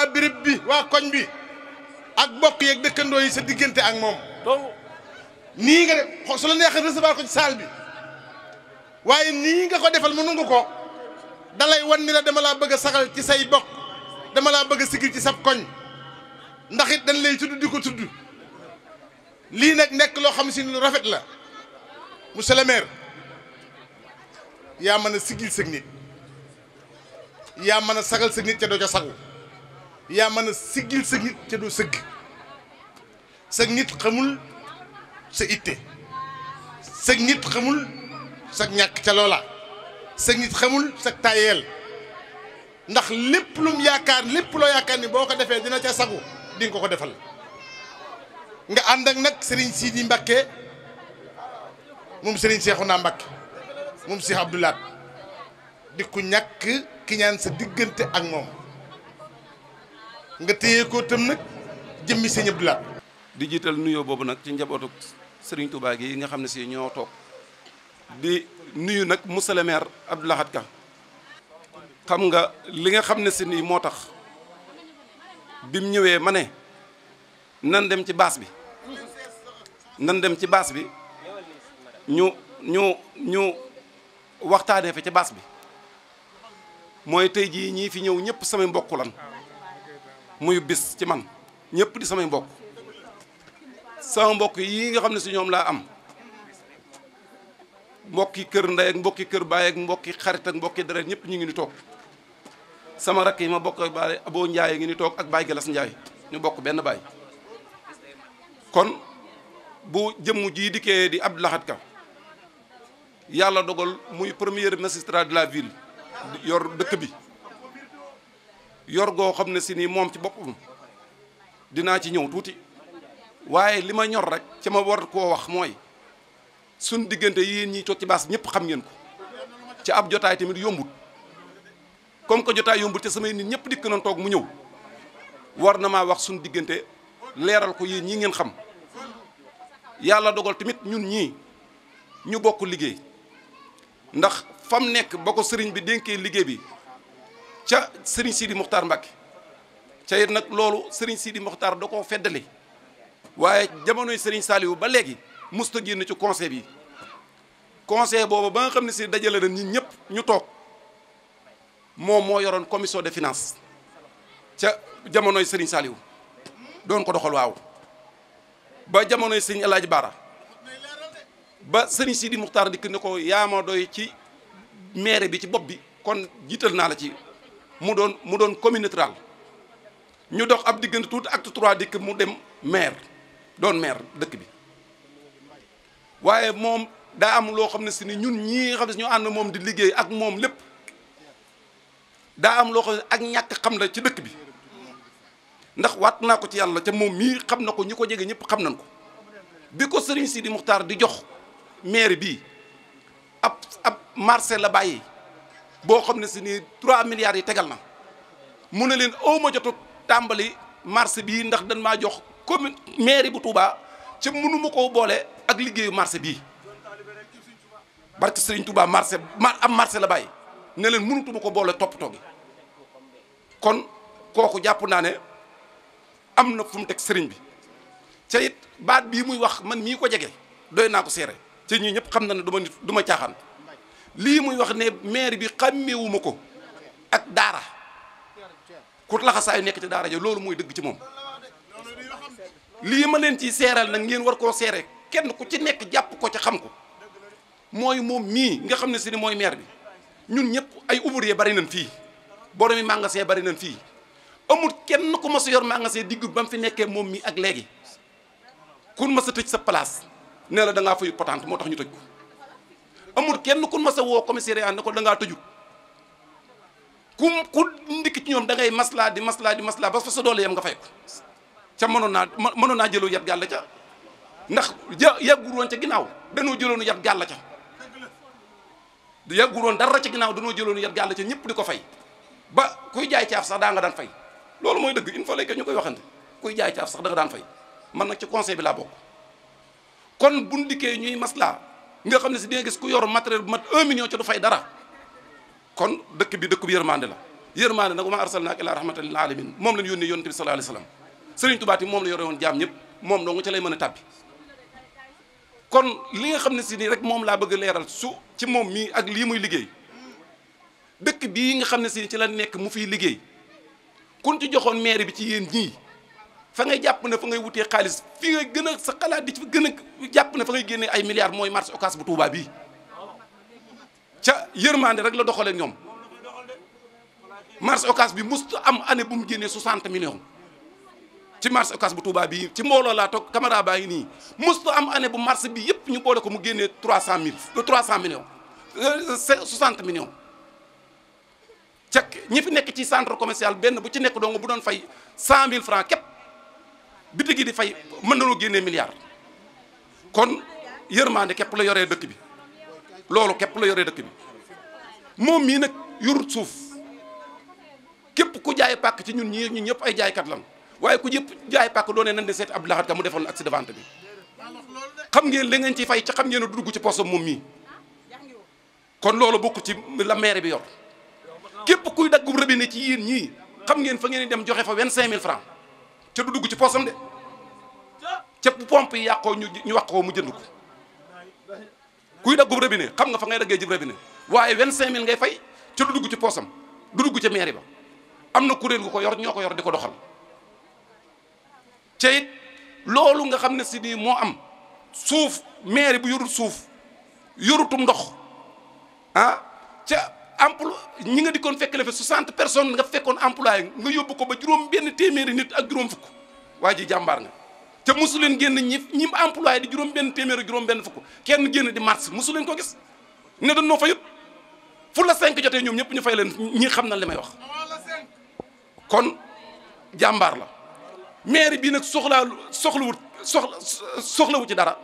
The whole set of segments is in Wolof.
waa bi waa koñ bi ak bokk yeeg dëkkandoo yi sa diggante ak moom donc nii nga def su la neexee recevoir ko ci saal bi waaye nii nga ko defal mu nungu ko dalay wan ni la dama laa bëgg sagal ci say bokk dama laa bëgg a sigil ci sab koñ ndax it dañ lay tudd di ko tudd lii nag nekk loo xam si lu rafet la monsieur le maire yaa mën a sigil sëg nit yaa mën a sagal sëg nit ca doo ca sagu yaa mën a siggil sa nit ca doo sëgg sa nit xamul sa itte sa nit xamul sa ñàkk ca loola sa xamul sa ndax lépp lum yaakaar lépp loo yaakaar ni boo ko defee dina ca sagu di ko ko defal nga ànd ak nag Serigne Sidi Mbakke moom Serigne Cheikhouna Mbakke moom Cheikh Abdoulaat di ku ñàkk ki sa diggante ak moom. nga téye ko tam nag jëmmi sëñ Abdou di jiital nuyoo boobu nag ci njabootu sëriñ Touba gi nga xam ne si ñoo toog di nuyu nag monsieur le maire Abdou Ka xam nga li nga xam ne si nii moo tax bim ñëwee ma ne nan dem ci baas bi nan dem ci baas bi ñu ñu ñu waxtaanee fi ci baas bi mooy tey jii ñii fi ñëw ñëpp samay mbokk lan muy bis ci man ñëpp di samay mbokk sama mbokk yi nga xam ne si ñoom laa am mbokki kër ndey ak mbokki kër baay ak mbokki xarit ak mbokki deret ñëpp ñu ngi ni toog sama rakk yi ma bokk ak aboo njaay ngi ni toog ak baay gelas njaay ñu bokk benn baay kon bu jëmm jii dikkee di ab Lahad Ka yàlla dogal muy premier magistrat de la ville yor dëkk bi yorgo xam ne si nii moom ci boppam dinaa ci ñëw tuuti waaye li ma ñor rek ci ma war koo wax mooy suñ diggante yi ñiy toog ci baas ñëpp xam ngeen ko ci ab jotaay tamit yombut comme que jotaay yombut ca samay nit ñëpp dikk nañ toog mu ñëw war na maa wax suñ diggante leeral ko yi ñi ngeen xam yàlla dogal tamit ñun ñii ñu bokk liggéey ndax fam nekk ba ko sëriñ bi dénkee liggéey bi ca Serigne Sidi Mokhtar Mbacke ca it nag loolu Serigne Sidi Mokhtar da ko feddale waaye jamonoy Serigne Saliou ba léegi musta génn ci conseil bi conseil boobu ba nga xam ne si dajale na nit ñëpp ñu toog moom moo yoroon commission de finance ca jamonoy Serigne Saliou doon ko doxal waaw ba jamonoy Serigne El Hadj Bara ba Serigne Sidi Mokhtar dikk ne ko yaa doy ci maire bi ci bopp bi kon jiital naa la ci. mu doon mu doon commune rurale ñu dox ab diggante tuuti acte trois dikk mu dem maire doon maire dëkk bi waaye moom daa am loo xam ne si ni ñun ñii xam ne si ñu ànd moom di liggéey ak moom lépp daa am loo xam ne ak ñàkk xam na ci dëkk bi ndax waat naa ko ci yàlla ca moom mii xam na ko ñi ko jege ñëpp xam nañ ko bi ko sëriñ Sidi Muxtaar di jox maire bi ab ab marché la bàyyi boo xam ne si nii 3 milliards yi tegal na mu ne leen aw ma jotu tàmbali marché bii ndax dañ maa jox commune mairie bu Touba ca mënuma ko boole ak liggéeyu marché bii barke Serigne Touba marché ma am marché la bàyyi ne leen mënutuma ko boole toppatoo gi kon kooku jàpp naa ne am na fu mu teg Serigne bi ca baat bii muy wax man mii ko jege doy naa ko seere ca ñii ñëpp xam na ne du ma nit du ma caaxaan. lii muy wax ne maire bi xàmmewuma ko ak daara ku laxasaayu nekk ci daara ja loolu mooy dëgg ci moom lii ma leen ci seeral na ngeen war koo seere kenn ku ci nekk jàpp ko ci xam ko mooy moom mii nga xam ne si ni mooy maire bi ñun ñëpp ay ouvrier bari nañ fii boromi magasin bari nañ fii amul kenn ku ma sa yor magasin digg ba mu fi nekkee moom mii ak léegi kun ma sa tëj sa place ne la da ngaa fay potante moo tax ñu tëj ko amul kenn ku mas a woo commissariat ne ko da ngaa tëju ku ku ndikk ci ñoom da ngay maslaa di maslaa di maslaa ba fa sa doole yam nga fay ca mënoon naa mënoon naa jëloo yat gàll ca ndax ja yàggul woon ca ginnaaw danoo jëloonu yat gàll ca yàggul woon dara ca ginnaaw danoo jëloonu yat gàll ca ñëpp di ko fay ba kuy jaay caaf sax daa nga daan fay loolu mooy dëgg il faut que ñu koy waxante kuy jaay caaf sax da daan fay man nag ci conseil bi laa bokk kon bu ndikkee ñuy maslaa nga xam ne si di nga gis ku yor matériel bu mat un million ca du fay dara kon dëkk bi dëkk bi yërmande la yërmande nag wa maa arsalnaaka illaa rahmatan lil alamin moom lañ yónnee yonent bi sallallahu alayhi wasallam sëriñ Tuubaa ti moom la yore woon jaam ñëpp moom dong ca lay mën a tàbbi kon li nga xam ne si nii rek moom laa bëgg leeral su ci moom mii ak lii muy liggéey dëkk bii nga xam ne si ci la nekk mu fiy liggéey kun ci joxoon maire bi ci yéen ñii fa ngay jàpp ne fa ngay wutee xaalis fi ngay gën a sa xalaat di ci gën a jàpp ne fa ngay génnee ay milliards mooy marché Ocass bu Touba bii ca yërmande rek la doxalee ñoom marché Ocass bi mosut am année bu mu génnee 60 millions ci marché Ocass bu Touba bii ci mbooloo laa toog caméra baa ngi nii mosut am année bu marché bi yëpp ñu boole ko mu génnee 300 mille 300 euh, millions 60 euh, millions ca ñi fi nekk ci centre commercial benn bu ci nekk dong bu doon fay 100000 francs képp. bitig yi di fay mën na nañoo génnee milliard kon yërmande képp la yoree dëkk bi loolu képp la yore dëkk bi moom mii nag yorut suuf képp ku jaay pàkk ci ñun ñii ñun ñëpp ay jaaykat lan waaye ku yëpp jaay pàkk doonee nan di seet Abdou Lahad Ka mu defoon ak de vente bi xam ngeen li ngeen ci fay ci xam ngeen dugg ci posam moom mii kon loolu bokk ci la maire bi yor képp kuy daggub robinet ci yéen ñii xam ngeen fa ngeen dem joxe fa vingt-cinq mille francs te du dugg ci poosam de ceeb bu pompe yi yàqoo ñu ñu wax ko mu jënd ko kuy daggub robinet xam nga fa ngay daggee jib robinet waaye 25000 ngay fay te du dugg ci poosam du dugg ci mairie ba am na kuréel gu ko yor ñoo ko yor di ko doxal te it loolu nga xam ne si nii moo am suuf mairie bu yorul suuf yorutum ndox ah ca. emploi ñi nga dikkoon fekk la fa 60 personnes nga fekkoon employé nga yóbbu ko ba juróom benn téeméeri nit ak juróom fukk waa ji jàmbaar nga te mosu génn ñi ñi employé di juróom benn téeméeri juróom benn fukk kenn génn di mars mosu ko gis ne dañ noo fayut fu la cinq jotee ñoom ñëpp ñu fay leen ñi xam na li may wax kon jàmbaar la maire bii nag soxlaa soxlawut soxla soxlawu ci dara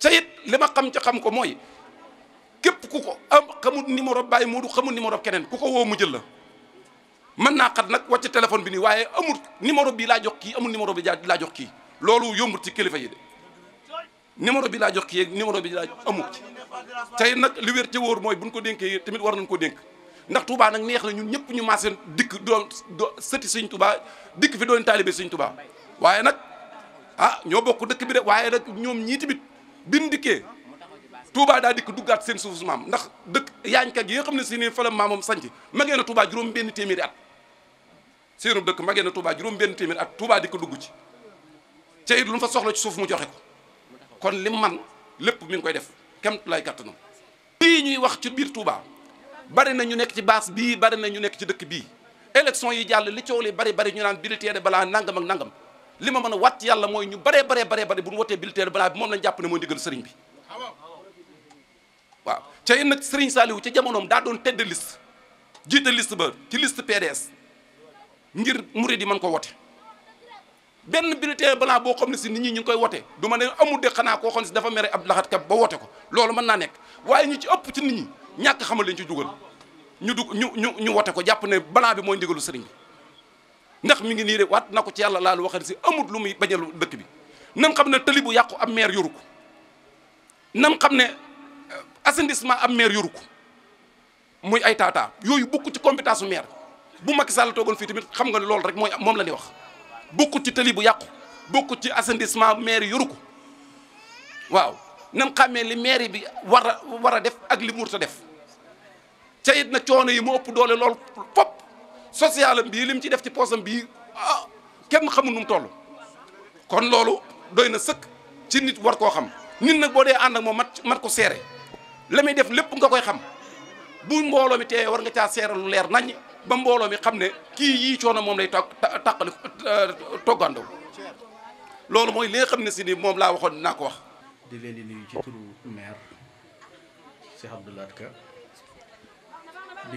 ca lima xam ca xam ko mooy képp ku ko am xamul numéro Baye Modou xamul numéro keneen ku ko woo mu jël la mën naa xat nag wàcc téléphone bi nii waaye amul numéro bi laa jox kii amul numéro bi laa jox kii loolu yombul ci kilifa yi de numéro bi laa jox kii ak numéro bi laa amul ci tey nag li wér ci wóor mooy buñ ko dénkee tamit war nañ ko dénk ndax Touba nag neex na ñun ñëpp ñu maasee dikk doon sëti sëñ Touba dikk fi doon taalibe sëñ Touba waaye nag ah ñoo bokk dëkk bi de waaye nag ñoom ñii tamit bin dikkee Touba daa dikk duggaat seen suuf su maam ndax dëkk yaañka gi nga xam ne si ne fa la maamam sanc magee na Touba juróom benn téeméeri at seenu dëkk magee na Touba juróom benn téeméeri at Touba di ko dugg ci ca it lu fa soxla ci suuf mu joxe ko kon li man lépp mi ngi koy def kem lay kattanam lii ñuy wax ci biir Touba bari na ñu nekk ci baas bii bari na ñu nekk ci dëkk bii élection yi jàll li coow li bari bari ñu naan bulletin balaa nangam ak nangam li ma mën a wàtt yàlla mooy ñu baree baree baree bari bu ñu wotee bulletin balaa bi moom lañ jàpp ne mooy bi waaw ca yéen nag Serigne Saliou ca jamonoom daa doon tedd liste jiite liste ba ci liste PDS ngir murid yi mën ko wote benn bulletin blanc boo xam ne si nit ñi ñu ngi koy wote du ma ne amul de xanaa koo xam ne si dafa mere Abdou Lahad Ka ba wote ko loolu mën naa nekk waaye ñu ci ëpp ci nit ñi ñàkk xamal lañ ci dugal ñu dug ñu ñu ñu wote ko jàpp ne balaa bi mooy ndigalu sëriñ bi ndax mu ngi nii rek waat na ko ci yàlla laalu waxal si amut lu muy bañalu dëkk bi nan xam ne tëli bu yàqu am maire yoru ko xam ne assainissement am maire yoru muy ay taataa yooyu bokk ci compétence su maire bu Macky Sall toogoon fii tamit xam nga ne loolu rek mooy moom la ni wax bokk ci tali bu yàqu bokk ci assainissement maire yoru ko waaw nan xàmmee li maire bi war a war a def ak li mu warut a def ca it na coono yi mu ëpp doole loolu fop social am bii li ci def ci poosam bii ah kenn xamul nu mu kon loolu doy na sëkk ci nit war koo xam nit nag boo dee ànd ak moom mat mat ko seere la muy def lépp nga koy xam bu mbooloo mi te war nga caa seeral lu leer nañ ba mbooloo mi xam ne kii yii coono moom lay toog tàqali toggandoo loolu mooy li xam ne si ni moom laa waxoon naa ko wax. di di nuyu ci turu maire Cheikh Abdou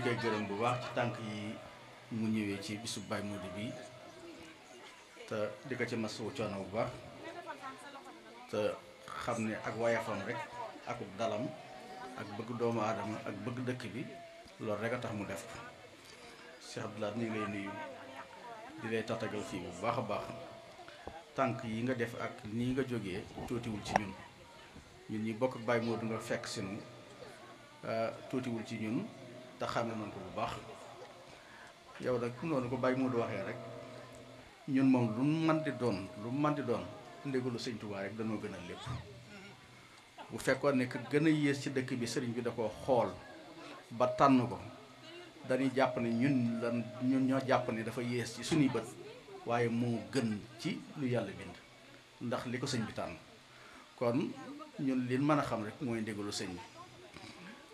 koy gërëm bu baax ci tànk yi mu ñëwee ci bisu Baye di bi te di ko ci masu coono bu baax te xam ne ak wayaxoon rek ak dalam. ak bëgg doomu aadama ak bëgg dëkk bi loolu rek a tax mu def ko Cheikh ni ñu ngi lay nuyu di lay tatagal fii bu baax a baax tànk yi nga def ak nii nga jógee tuutiwul ci ñun ñun ñi bokk moo du nga fekk si ñun euh, tuutiwul ci ñun te xàmme nañ ko bu baax yow nag noonu ko Baye Modou waxee rek ñun moom lu mu mën di doon lu mu mën di doon ndegulu Sëñ Tuubaa rek danoo gën a lépp. bu fekkoon ne gën a yées ci dëkk bi sëriñ bi da ko xool ba tànn ko dañuy jàpp ne ñun lan ñun ñoo jàpp ne dafa yées ci suñuy bët waaye moo gën ci lu yàlla bind ndax li ko sëñ bi tànn kon ñun li mën a xam rek mooy ndigalu sëñ bi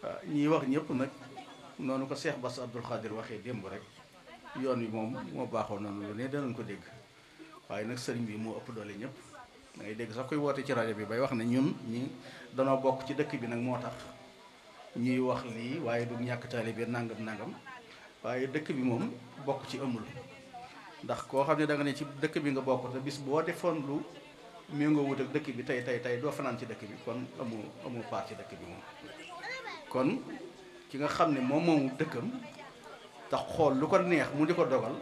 ah, ñiy wax ñëpp nag noonu ko seex Bass Abdoul Khadir waxee démb rek yoon wi moom moo baaxoo noonu lu ne danañ ko dégg waaye nag sëriñ bi moo ëpp doole ñëpp da dégg sax koy woote ci rajo bi bay wax na ñun ñi danoo bokk ci dëkk bi nag moo tax ñuy wax lii waaye du ñàkk taalibe nangam nangam waaye dëkk bi moom bokk ci amul ndax koo xam ne danga ne ci dëkk bi nga bokk te bis boo defoon lu méngoo wut ak dëkk bi tey tey tey doo fanaan ci dëkk bi kon amu amul part ci dëkk bi moom kon ki nga xam ne moom moom dëkkam tax xool lu ko neex mu di ko dogal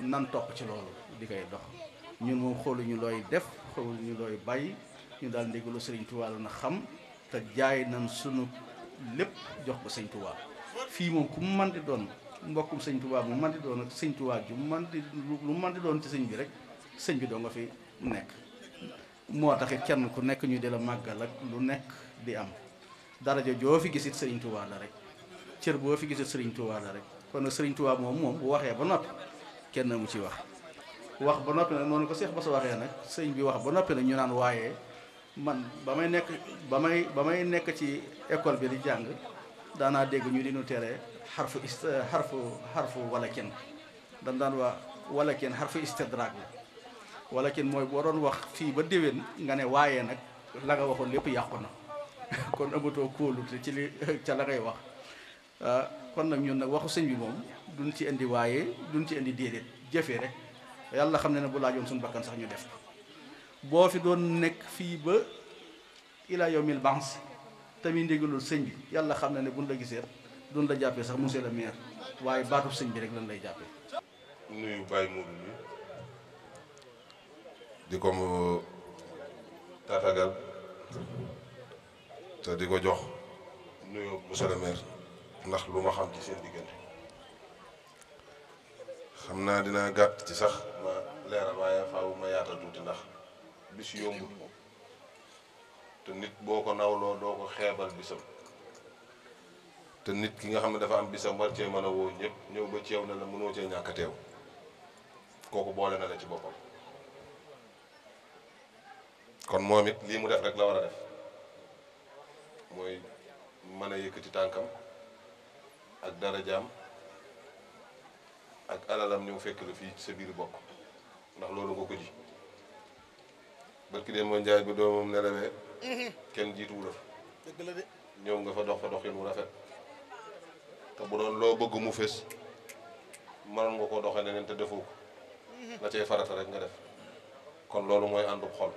nan topp ci loolu di koy dox ñun moom xooluñu looy def xawul ñu looy bàyyi ñu daal ndégalu sëriñ na xam te jaay nañ sunu lépp jox ko sëñ Tuubaa fii moom ku mu mën doon mbokkum sëñ Tuubaa mu mën di doon ak lu mën di doon ci sëñ bi rek sëñ bi doo nga fi nekk moo tax it kenn ku nekk ñu di la màggal ak lu nekk di am daraja joo fi gisit sëriñ Tuubaa rek cër boo fi gisit sëriñ Tuubaa rek kon nag sëriñ moom moom bu waxee ba noppi kenn mu ci wax wax ba noppi nag noonu ko ba sa waxee nag sëñ bi wax ba noppi nag ñu naan waaye man ba may nekk ba may ba may nekk ci école bi di jàng daanaa dégg ñu di nu tere xarfu ist xarfu xarfu wala kenn dan daan wax wala kenn xarfu istidraak la wala kenn mooy boo doon wax fii ba déwén nga ne waaye nag la nga waxoon lépp yàqu na kon amatoo kóolute ci li ca la ngay wax ah, kon nag ñun nag waxu sëñ bi moom duñ ci indi waaye duñ ci indi déedéet jëfee rek yàlla xam ne ne bu laajoon suñu bakkan sax ñu def boo fi doon nekk fii ba ila yawmil bans tamit ndigalul sëñ bi yàlla xam ne ne buñ la gisee duñ la jàppee sax monsieur le maire waaye baatub sëñ bi rek lañ lay jàppee. nuyu Baye Modou bi di ko tatagal te di ko jox nuyu monsieur le maire ndax lu ma xam ci seen diggante. xam naa dinaa gàtt ci sax ma leeral waaye faaw ma yaatal tuuti ndax bis yombul te nit boo ko nawloo doo ko xeebal bisam te nit ki nga xam ne dafa am bisam war cee mën a woo ñëw ba ceew na la mënoo cee ñàkk teew kooku boole na la ci boppam kon moom it lii mu def rek la war a def mooy mën a yëkkati tànkam ak dara jaam ak alalam ñëw fekk la fii sa biir bokk ndax loolu nga ko ji barki de moo njaay bi doomam nelawee kenn jiituwu la fa dëgg la de ñëw nga fa dox fa dox yi mu rafet te bu doon loo bëgg mu fés mënoon nga koo doxee neneen te defoo ko la cay farata rek nga def kon loolu mooy àndu xol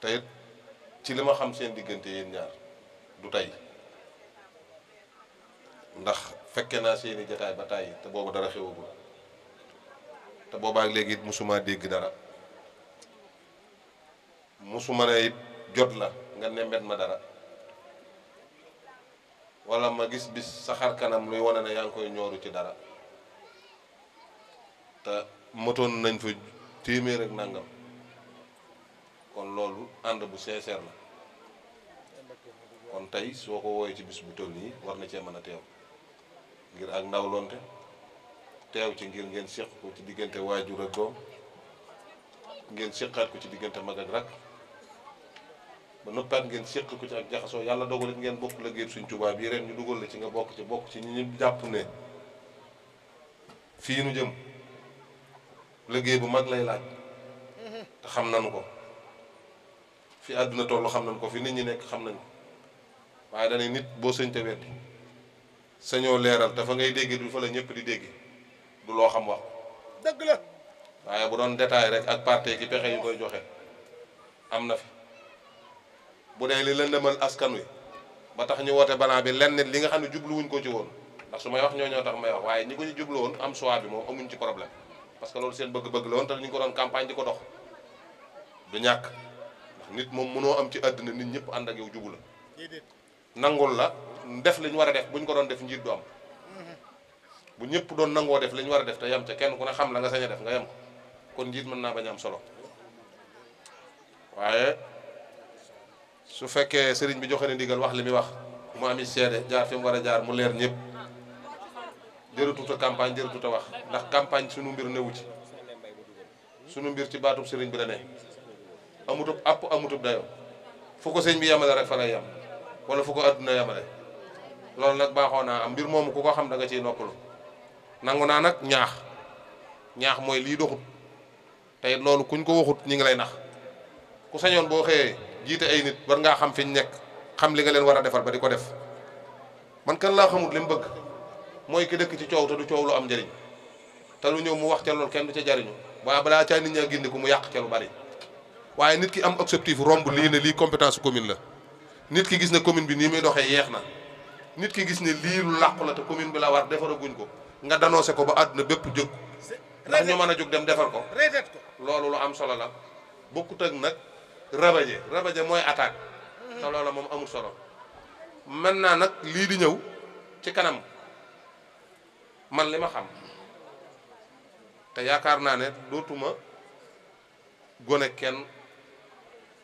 tey ci li ma xam seen diggante yéen ñaar du tey ndax fekke naa seeni jataay ba tàyyi te boobu dara xewagul te boobaak léegi it dégg dara mosuma ne jot la nga nembet ma dara walla ma gis bis sa xar kanam luy wane na yaa ngi koy ñooru ci dara te motoon nañ fa téeméer ak nangam kon loolu ànd bu sincère la kon tey soo ko wooyee ci bis bu toll nii war na cee mën a teew ngir ak ndawlonte teew ci ngir ngeen seq ko ci diggante waajur ak doom ngeen seqaat ko ci diggante mag ak rakk ba noppaat ngeen seq ko ci ak jaxasoo yàlla dogal rek ngeen bokk la géeb suñ Tuubaa bii ren ñu dugal la ci nga bokk ci bokk ci ñi ñu jàpp ne fii nu jëm liggéey bu mag lay laaj te xam nañu ko fi àdduna tollu xam nañu ko fi nit ñi nekk xam nañu ko waaye dañuy nit boo sëñte weddi sañoo leeral te fa ngay dégg du fa la ñëpp di dégg du loo xam wax dëgg la waaye bu doon détail rek ak parti ki pexe yu koy joxe am na fi bu dee li lëndëmal askan wi ba tax ñu woote balaa bi lenn li nga xam ne jubluwuñ ko ci woon ndax su may wax ñoo ñoo tax may wax waaye ñi ko ci jublu woon am choix bi moom amuñ ci problème parce que loolu seen bëgg-bëgg la woon te ñu ko doon campagne ko dox du ñàkk nit moom mënoo am ci àddina nit ñëpp ànd ak yow jubu la nangul la def li war a def bu ñu ko doon def njiit du am bu ñëpp doon nangoo def li war a def te yem ca kenn ku ne xam la nga sañ a def nga yem kon njiit mën naa bañ am solo waaye su fekkee sëriñ bi joxe ne ndigal wax li muy wax mu ami seede jaar fi mu war a jaar mu leer ñëpp jërëtut a campagne jërëtut a wax ndax campagne sunu mbir newu ci sunu mbir ci baatub sëriñ bi la ne amutub àpp amutub dayoo fu ko sëriñ bi yemale rek fa lay yem wala fu ko àdduna yemale loolu nag baaxoo naa mbir moomu ku ko xam da nga ciy noppalu nangu naa nag ñaax ñaax mooy lii doxut tey loolu kuñ ko waxut ñi ngi lay nax ku sañoon boo xëyee jiite ay nit war ngaa xam fi nekk xam li nga leen war a defar ba di ko def man kan laa xamut li mu bëgg mooy ki dëkk ci coow te du coow lu am njëriñ te lu ñëw mu wax ca loolu kenn du ca jariñu waaye balaa caa ñaa gindi ko mu yàq ca lu bari waaye nit ki am objectif romb lii ne lii compétence commune la nit ki gis na commune bi nii muy doxee yeex na nit ki gis ne lii lu làqu la te commune bi la war defaraguñ ko nga danoose ko ba àdduna bépp jóg ndax ñu mën a jóg dem defar ko loolu lu am solo la bokkut ak nag rabaje rabaje mooy attaque mhm. te loola moom amul solo naa nag lii di ñëw ci kanam man li ma xam te yaakaar naa ne dootuma gone kenn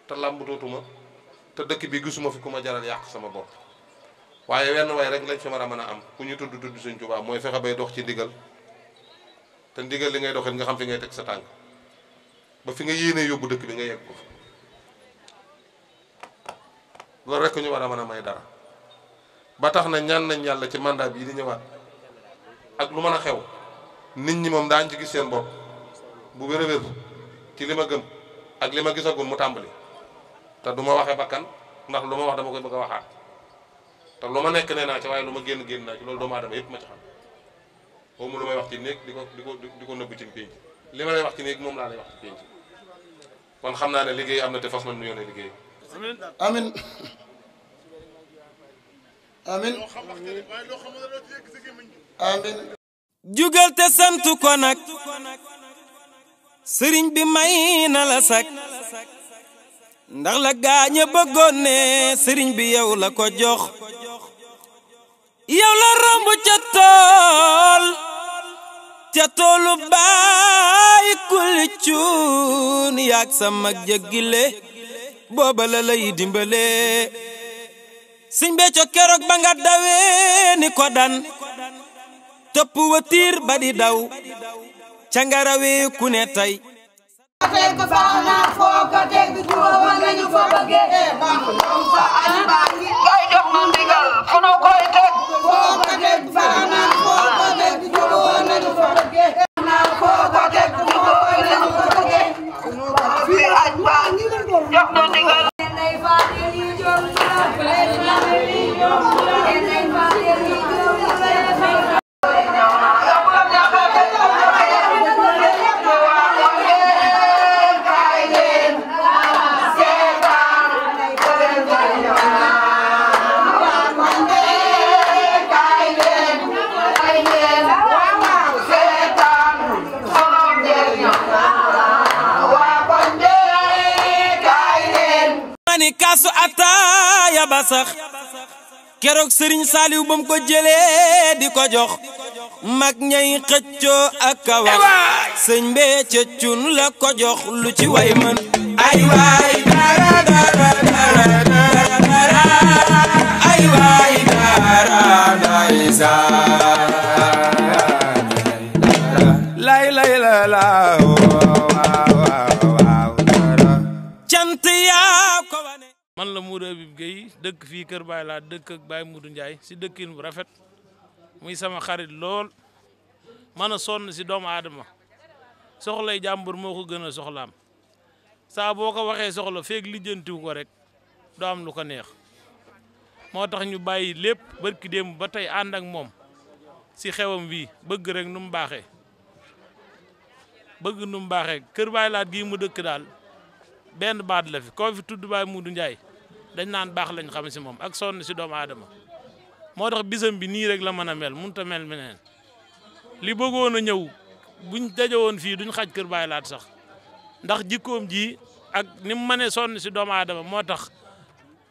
te làmbatootuma te dëkk bi gisuma fi ku ma jaral yàq sama bopp waaye wenn way rek lañ fi war a mën a am ku ñu tudd tudd Sëñ Tuubaa mooy fexe bay dox ci ndigal te ndigal li ngay doxit nga xam fi ngay teg sa tànk ba fi nga yéenee yóbbu dëkk bi nga yegg ko loolu rek ñu war a mën a may dara ba tax na ñaan nañ yàlla ci mandat bii di ñëwaat ak lu mën a xew nit ñi moom daañ ci gis seen bopp bu wér a wér ci li ma gëm ak li ma gisagum mu tàmbali te du ma waxee bakkan ndax lu ma wax dama koy bëgg a waxaat te lu ma nekk nee naa lu ma génn génn naa loolu doomu aadama yëpp ma ci xam xaw lu may wax néeg di ko di ko di ko nëbb ci wax ci néeg moom laa wax kon xam naa ne liggéey am na te fas man nu sant ko nag sëriñ bi may na la sak ndax la gaaña bëggoon ne sëriñ bi yow la ko jox yow la romb ca tool ca toolu baay kulli cuun yaag sa mag jëggile booba la lay dimbale siñ becco keroog ba nga dawee ko dan topp watiir ba di daw ca nga ku ne tey tey ko faax naa foo ko teg bi ku ma war nañu foo bëggee. moom sa aji baa ngi koy jox nu ndigal fu nu koy teg. foo ko teg faax naa foo ko teg bi ku ma war nañu foo bëggee. naa foo ko teg bi ku ma war nañu foo bëggee. fii aji baa ngi jox nu ndigal. Thank you. ya ba sëriñ saliw bam ko jëlee di ko jox mag ñay xëccoo ak a wax sëñ bee cëccun la ko jox lu ci way mën ay waay dara dara dara fii Kër Baye laa dëkk bay Baye njaay si dëkkin bu rafet muy sama xarit lool mën a sonn si doomu aadama soxlay jàmbur moo ko gën a soxlaam saa boo ko waxee soxla feeg lijjantiw ko rek doom lu ko neex moo tax ñu bàyyi lépp barki démb ba tey ànd ak moom si xewam wii bëgg rek nu mu baaxee bëgg nu mu baaxee Kër Baye Laat gii mu dëkk daal benn baat la fi koo fi tudd Baye Moudou Ndiaye dañ naan baax lañ xam si moom ak sonn si doomu aadama moo tax bisam bi nii rek la mën a mel mënut a mel meneen li bëggoon a ñëw buñ dajewoon fii duñ xaj kër Baay Laat sax ndax jikkoom jii ak ni mu mënee sonn si doom aadama moo tax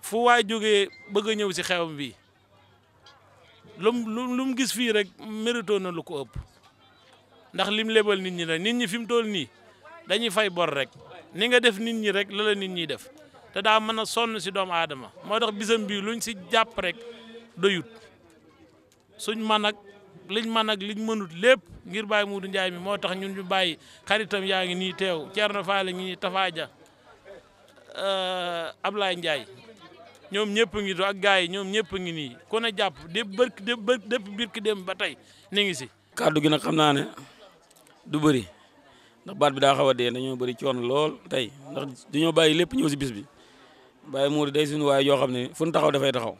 fu waay jógee bëgg a ñëw si xewam bi lu mu lu gis fii rek mérito na lu ko ëpp ndax lim lebal nit ñi la nit ñi fi mu toll nii dañuy fay bor rek ni nga def nit ñi rek la la nit ñiy def. te daa mën a sonn si doomu aadama moo tax bisam bii luñ si jàpp rek doyut suñ man ak liñ man ak liñ mënut lépp ngir bàyyi Muudu Njaay mi moo tax ñun ñu bàyyi xaritam yaa ngi nii teew Thierno Fall ngi nii Tafaaja euh, Ablaye Ndiaye ñoom ñëpp ngi to ak yi ñoom ñëpp ngi nii ku ne jàpp dépp bërk dépp bërk birki dem ba tey ni ngi si kàddu gi nag xam naa ne du bëri ndax baat bi daa xaw a dee dañoo bëri coono lool tey ndax dañoo bàyyi lépp ñëw si bis bi Baye Mouride day suñu waaye yoo xam ne fu ñu taxaw dafay taxaw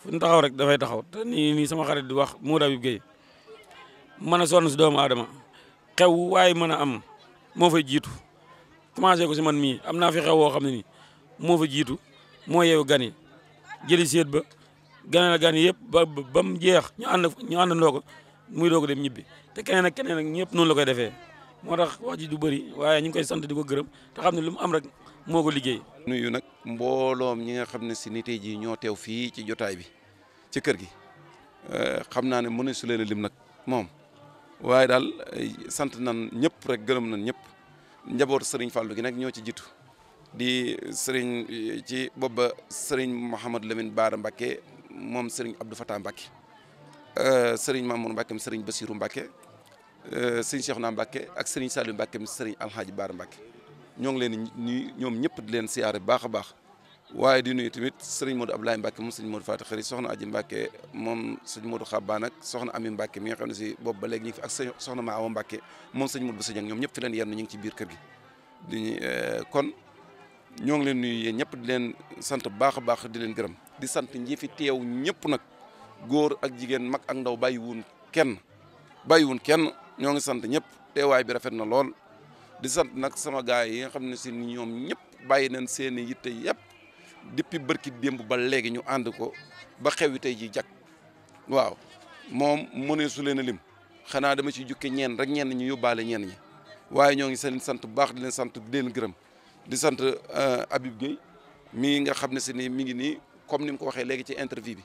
fu taxaw rek dafay taxaw te nii nii sama xarit di wax Mouride Habib Gueye mën a sonn si doomu aadama xew waaye mën a am moo fay jiitu commencé ko si man mii am naa fi xew woo xam ne nii moo fa jiitu moo yeewu gan yi jëli seet ba gane la gan yëpp ba ba mu jeex ñu ànd ñu àndandoo ko muy doog dem ñibbi te keneen ak keneen ak ñëpp noonu la koy defee moo tax wax ji du bëri waaye ñu ngi koy sant di ko gërëm te xam ne lu mu am rek. moo ko liggéey. nuyu nag mbooloom ñi nga xam ne si ni jii ñoo teew fii ci jotaay bi ci kër gi euh, xam naa ne mën na su lim nag moom waaye daal sant nan ñëpp rek gërëm nan ñëpp njabootu Serigne Fallou gi nag ñoo ci jiitu di Serigne ci booba Serigne Mouhamadou Lamine Baara Mbacke moom Serigne Abdou Fatah Mbacke euh, Serigne Mamour Mbacke Serigne Bassirou Mbacke euh, Serigne Cheikh Na Mbacke ak Serigne Saliou Mbacke Serigne Alhaji Baara Mbacke. ñoo ngi leen di ñoom ñëpp di leen siyaare bu baax a baax waaye di nuyu tamit sëriñ Modou Abdoulaye Mbacke moom sëriñ Modou Faty Khary soxna Aji Mbacke moom sëriñ Modou Xabaan ak soxna Ami Mbacke mi nga xam ne si boobu ba léegi ñu fi ak soxna Maawa Mbacke moom sëriñ Modou Bousso Dieng ñoom ñëpp fi leen yenn ñu ngi ci biir kër gi di eh, kon ñoo ngi leen nuyu ñëpp di leen sant bu baax a baax di leen gërëm di sant ñi fi teew ñëpp nag góor ak jigéen mag ak ndaw bàyyiwun kenn bàyyiwun kenn ñoo ngi sant ñëpp teewaay bi rafet na lool di sant nag sama gars yi nga xam ne si ñoom ñëpp bàyyi nañ seen i yitte yëpp depuis bërki démb ba léegi ñu ànd ko ba xewi tey ji jag waaw moom mënee su leen a lim xanaa dama ci jukkee ñeen rek ñeen ñu yóbbaale ñeen ñi waaye ñoo ngi seen sant bu baax di leen sant di gërëm di sant euh, Habib Gueye mii nga xam ne si ni mi ngi nii comme ni mu ko waxee léegi ci interview bi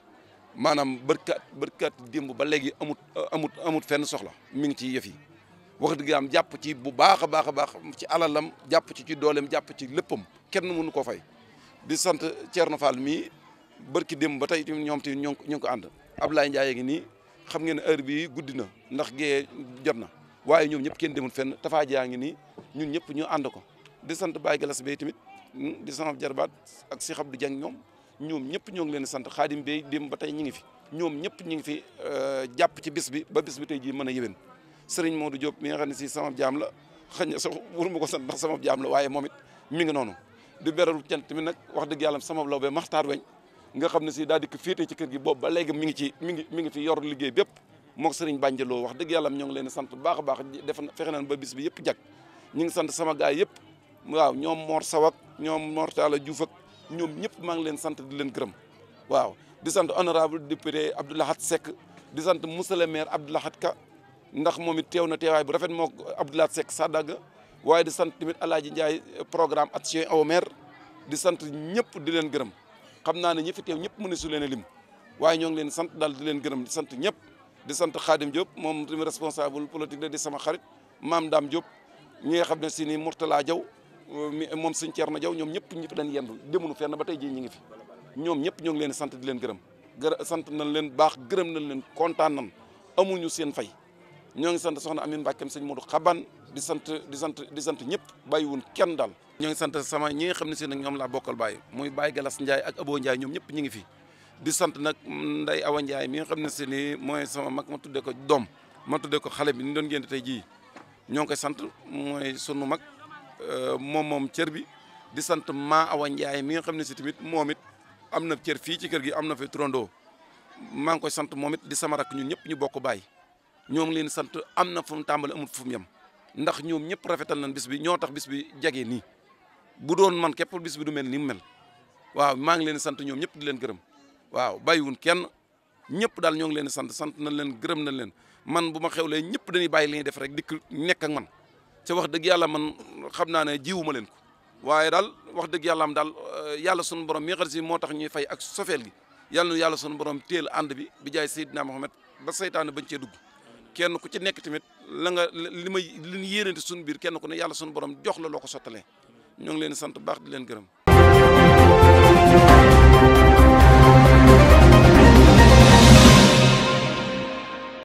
maanaam bërkat bërkat démb ba léegi amut amut amut fenn soxla mi ngi ci yëf yi wax dëgg am jàpp ci bu baax a baax a baax ci alalam jàpp ci ci dooleem jàpp ci léppam kenn mënu ko fay di sant Thierno Fall mii bërki démb ba tey ñoom tamit ñoo ngi ko ànd Ablaye Ndiaye ngi nii xam ngeen heure bi guddi na ndax gée jot na waaye ñoom ñëpp kenn demul fenn Tafa Dia ngi nii ñun ñëpp ñu ànd ko di sant Baye Galas Bey tamit hmm, di sama jarbaat ak Cheikh Abdou Dieng ñoom ñoom ñëpp ñoo ngi leen sant Xaadim Bey démb ba tey ñu ngi fi ñoom ñëpp ñu ngi fi euh, jàpp ci bis bi ba bis bi tey jii mën a yéwén sëriñ moo Diop mi nga xam ne si sama jaam la xëy na ko sant sama jaam la waaye moom it mi ngi noonu di beral cant mi nag wax dëgg yàlla sama lawbe maxtaar weñ nga xam ne si daa dikk féetee ci kër gi boobu ba léegi mi ngi ci mi ngi mi ngi fi yor liggéey bépp mook sëriñ loo wax dëgg yàlla ñoo ngi leen sant bu baax a baax def fexe nañ ba bis bi yëpp jag ñu ngi sant sama gaay yëpp waaw ñoom Mor Saw ak ñoom Mor Talla Diouf ak ñoom ñëpp maa ngi leen sant di leen gërëm waaw di sant honorable député Abdoulahat Seck di sant monsieur le maire Abdoulahat Ka ndax moom it teew na teewaay bu rafet moo Abdoulaye Seck Sadaga waaye di sant tamit Alaaji Ndiaye programme action au maire di sant ñëpp di leen gërëm xam naa ne ñi fi teew ñëpp mëne su leen a lim waaye ñoo ngi leen sant daal di leen gërëm di sant ñëpp sant Khadim Diop moom tamit responsable politique la di sama xarit Maam Dame ñi nga xam ne si ni Mourtala Diaw moom Sëñ Thierno Diaw ñoom ñëpp ñëpp dañ yendu demuñu fenn ba tey jii ñi ngi fi ñoom ñëpp ñoo ngi leen sant di leen gërëm sant nañ leen baax gërëm nañ leen kontaan nañ amuñu seen fay ñoo ngi sant soxna Amine Mbacke sëñ Modou Xaban di sant di sant di sant ñëpp bàyyiwun kenn daal ñoo ngi sant sama ñi nga xam ne si nag ñoom laa bokkal Baye muy Baye Galas Ndiaye ak Abo Ndiaye ñoom ñëpp ñu ngi fi di sant nag Ndeye Awa mi nga xam ne si ni mooy sama mag ma tuddee ko doom ma tuddee ko xale bi ni doon ngénte tey jii ñoo ngi koy sant mooy sunu mag euh, moom moom cër bi di sant ma Awa Ndiaye mi nga xam ne si tamit moom it am na cër fii ci kër gi am na fi trondoo maa ngi koy sant moom it di sama rakk ñun ñëpp ñu bokk Baye ñoom leen sant am na fu mu tàmbali amul yam ndax ñoom ñëpp rafetal nañ bis bi ñoo tax bis bi jagee nii bu doon man képp bis bi du mel ni mu mel waaw maa ngi leen sant ñoom ñëpp di leen gërëm waaw bàyyiwun kenn ñëpp daal ñoo ngi leen sant sant nañ leen gërëm nañ leen man bu ma xewlee ñëpp dañuy bàyyi li ñuy def rek dikk nekk ak man te wax dëgg yàlla man xam naa ne jiwuma leen ko waaye daal wax dëgg yàlla am daal euh, yàlla sunu borom mi xar si moo tax ñuy fay ak sofeel gi yàlla yàlla sunu borom téel ànd bi bi jaay Seydina Mohamed ba seytaane bañ cee dugg kenn ku ci nekk tamit la nga li may li ñu yéenante suñu biir kenn ku ne yàlla suñu borom jox la loo ko sottalee ñoo ngi leen sant baax di leen gërëm